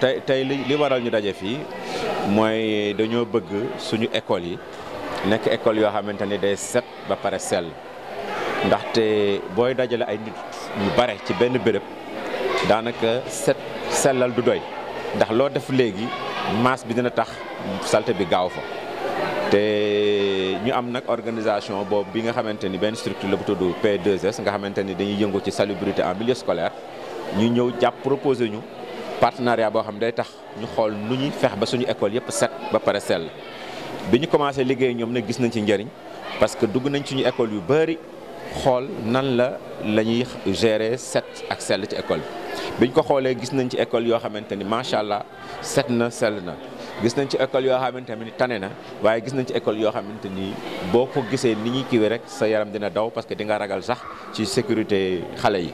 tey tey li waral ñu daje fii mooy dañoo bëgg suñu école yi nekk école yoo xamante ni day set ba pare sell ndaxte booy dajale ay nit ñu bare ci benn béréb daanaka set sellal du doy ndax loo def léegi masse bi dina tax salte bi gaaw fa te ñu am nag organisation boobu bi nga xamante ni benn structure la bu tudd p 2 nga xamante ni dañuy yëngu ci salubrité en milieu scolaire ñu ñëw jàpp proposé ñu partenariat boo xam ne day tax ñu xool nu ñuy fex ba suñu école yëpp set ba pare sell bi ñu commencé liggéey ñoom na gis nañ ci njariñ parce que dugg nañ suñu école yu bëri xool nan la la ñuy gérer set ak sell ci école bi ñu ko xoolee gis nañ ci école yoo xamante ni macha allah set na sell na gis nañ ci école yoo xamante ni tane na waaye gis nañ ci école yoo xamante ni boo ko gisee ni ñuy kiwi rek sa yaram dina daw parce que di nga ragal sax ci sécurité xale yi.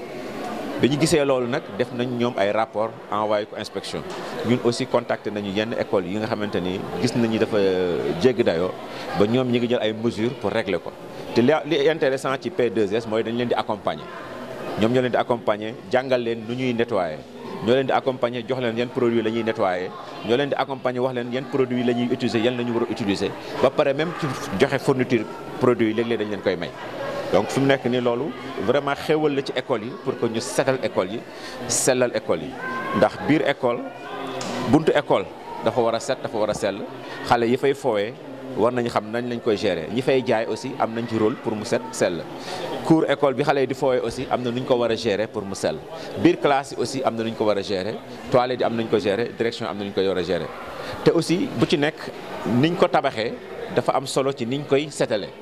bi ñu gisee loolu nag def nañ ñoom ay rapport envoyé ko inspection ñun aussi contacté nañu yenn école yi nga xamante ni gis nañu dafa euh, jégg dayoo ba ñoom ñi ngi jël ay mesures pour régler ko te li intéressant ci p 2 mooy dañ leen di accompagner ñoom ñoo leen di accompagner jàngal leen nu ñuy nettoyer ñoo leen di accompagner jox leen yan produit la ñuy nettoyer ñoo leen di accompagner wax leen yan produit la ñuy utiliser yan la ñu war a utiliser ba pare même ci produit yi dañ leen koy may donc fi mu nekk nii loolu vraiment xewal la ci école yi pour que ñu setal école yi sellal école yi ndax biir école buntu école dafa war a set dafa war a sell xale yi fay foowee war nañu xam nañ lañ koy gérer ñi fay jaay aussi am nañ ci rôle pour mu set sell cour école bi xale yi di foowee aussi am na nu ñu ko war gere gérer pour mu sell biir classe yi aussi am na nu ñu ko war a gérer toilette yi am nañ ko gere direction am na ñu ko war gere te aussi bu ci nekk niñ ko tabaxee dafa am solo ci niñ koy setalee.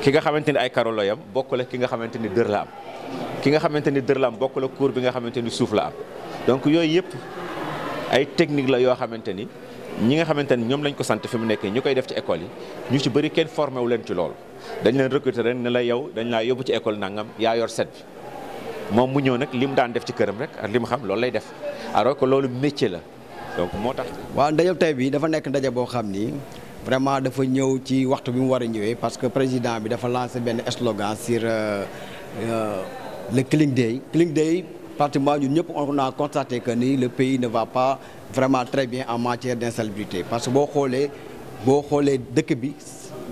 ki nga xamante ni ay karo la yam bokk la ki nga xamante dër la am ki nga xamante ni dër la am bokk la cour bi nga xamante ni suuf la am donc yooyu yëpp ay technique la yoo xamante ni ñi nga xamante ni ñoom lañ ko sant fi mu nekk ñu koy def ci école yi ñu ci bari kenn formé wu leen ci loolu dañ leen recruter ren ne la yow dañ laa yóbbu ci école nangam yaa yor set bi moom mu ñëw nag li mu daan def ci këram rek ak li mu xam loolu lay def alors que loolu métier la moo tax. boo xam ni. vraiment dafa ñëw ci waxtu bi mu war a ñëwee parce que président bi dafa lancer benn slogan sur euh, euh, le clean day clean day pratiquement ñun ñëpp on a constaté que ni le pays ne va pas vraiment très bien en matière d'insalubrité parce que boo xoolee boo xoolee dëkk bi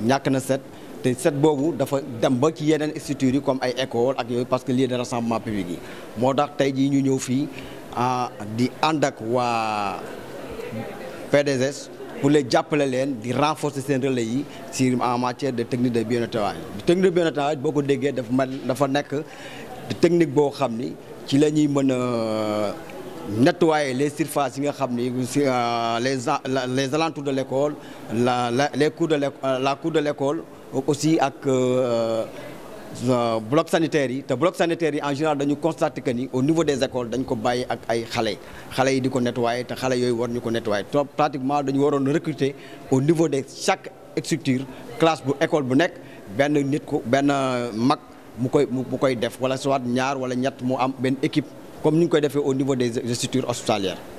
ñàkk na set te set boobu dafa dem ba ci yeneen structures yi comme ay école ak yooyu parce que li de rassemblement public yi moo tax tey jii ñu ñëw fii ah, di ànd ak waa PDS pour les jàppale leen di renforcer seen relais yi si en matière de technique de bionettoyage technique de boo ko déggee dafa mel dafa nekk technique boo xam ni ci la ñuy mën a euh, nettoyer les surfaces yi nga xam ni euh, si euh, les les alentours de l'école la la les cours de la cour de l'école aussi ak Euh, bloc sanitaire yi te bloc sanitaire yi en général dañu constater que ni au niveau des écoles dañ ko bàyyi ak ay xale xale yi di ko nettoyer te xale yooyu war ñu ko nettoyer trop pratiquement dañu waroon recruter au niveau de chaque structure classe bu école bu nekk benn nit ko benn mag mu koy mu koy def wala soit ñaar wala ñett mu am benn équipe comme ni ñu koy defee au niveau des structures hospitalières.